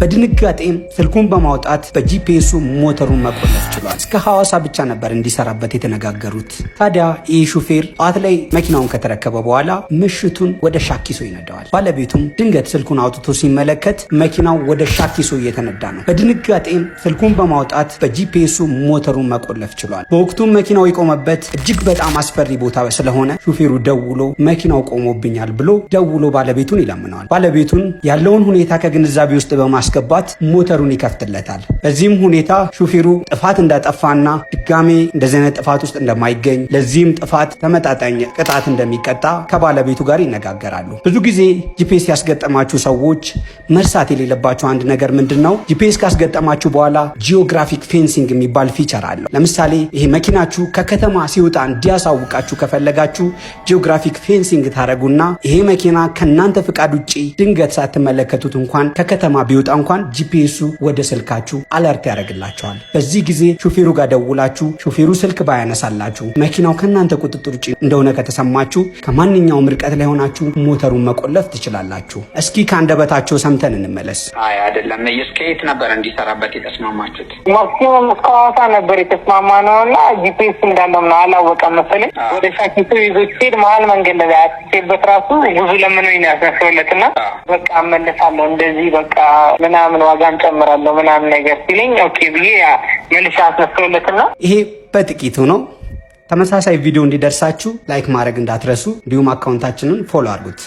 በድንጋጤም ስልኩን በማውጣት በጂፒኤሱ ሞተሩን መቆለፍ ችሏል። እስከ ሐዋሳ ብቻ ነበር እንዲሰራበት የተነጋገሩት። ታዲያ ይህ ሹፌር ጠዋት ላይ መኪናውን ከተረከበ በኋላ ምሽቱን ወደ ሻኪሶ ይነዳዋል። ባለቤቱም ድንገት ስልኩን አውጥቶ ሲመለከት መኪናው ወደ ሻኪሶ እየተነዳ ነው። በድንጋጤም ስልኩን በማውጣት በጂፒኤሱ ሞተሩን መቆለፍ ችሏል። በወቅቱም መኪናው የቆመበት እጅግ በጣም አስፈሪ ቦታ ስለሆነ ሹፌሩ ደውሎ መኪናው ቆሞብኛል ብሎ ደውሎ ባለቤቱን ይለምነዋል። ባለቤቱን ያለውን ሁኔታ ከግንዛቤ ውስጥ በማስ በማስገባት ሞተሩን ይከፍትለታል። በዚህም ሁኔታ ሹፌሩ ጥፋት እንዳጠፋና ድጋሜ እንደዚህ አይነት ጥፋት ውስጥ እንደማይገኝ ለዚህም ጥፋት ተመጣጣኝ ቅጣት እንደሚቀጣ ከባለቤቱ ጋር ይነጋገራሉ። ብዙ ጊዜ ጂፒኤስ ያስገጠማችሁ ሰዎች መርሳት የሌለባችሁ አንድ ነገር ምንድን ነው? ጂፒኤስ ካስገጠማችሁ በኋላ ጂኦግራፊክ ፌንሲንግ የሚባል ፊቸር አለው። ለምሳሌ ይሄ መኪናችሁ ከከተማ ሲወጣ እንዲያሳውቃችሁ ከፈለጋችሁ ጂኦግራፊክ ፌንሲንግ ታደረጉና ይሄ መኪና ከእናንተ ፍቃድ ውጭ ድንገት ሳትመለከቱት እንኳን ከከተማ ቢወጣ እንኳን ጂፒኤሱ ወደ ስልካችሁ አለርት ያደርግላቸዋል። በዚህ ጊዜ ሹፌሩ ጋር ደውላችሁ ሹፌሩ ስልክ ባያነሳላችሁ መኪናው ከእናንተ ቁጥጥር ውጭ እንደሆነ ከተሰማችሁ ከማንኛውም ርቀት ላይ ሆናችሁ ሞተሩን መቆለፍ ትችላላችሁ። እስኪ ከአንደበታቸው ሰምተን እንመለስ። አይ አይደለም። ከየት ነበር እንዲሰራበት የተስማማችሁት? ማክሲሙም እስከ ሐዋሳ ነበር የተስማማ ነው እና ጂፒኤስ እንዳለው ነው አላወቀም መሰለኝ። ወደ ሻኪቱ ይዞ ሲሄድ መሀል መንገድ ላይ አትሄድበት ራሱ ብዙ ለምነው ያስነሰውለት እና በቃ እመለሳለሁ እንደዚህ በቃ ምናምን ዋጋ እንጨምራለሁ ምናምን ነገር ሲለኝ ኦኬ ብዬ መልሻ ነው ይሄ በጥቂቱ ነው። ተመሳሳይ ቪዲዮ እንዲደርሳችሁ ላይክ ማድረግ እንዳትረሱ፣ እንዲሁም አካውንታችንን ፎሎ አድርጉት።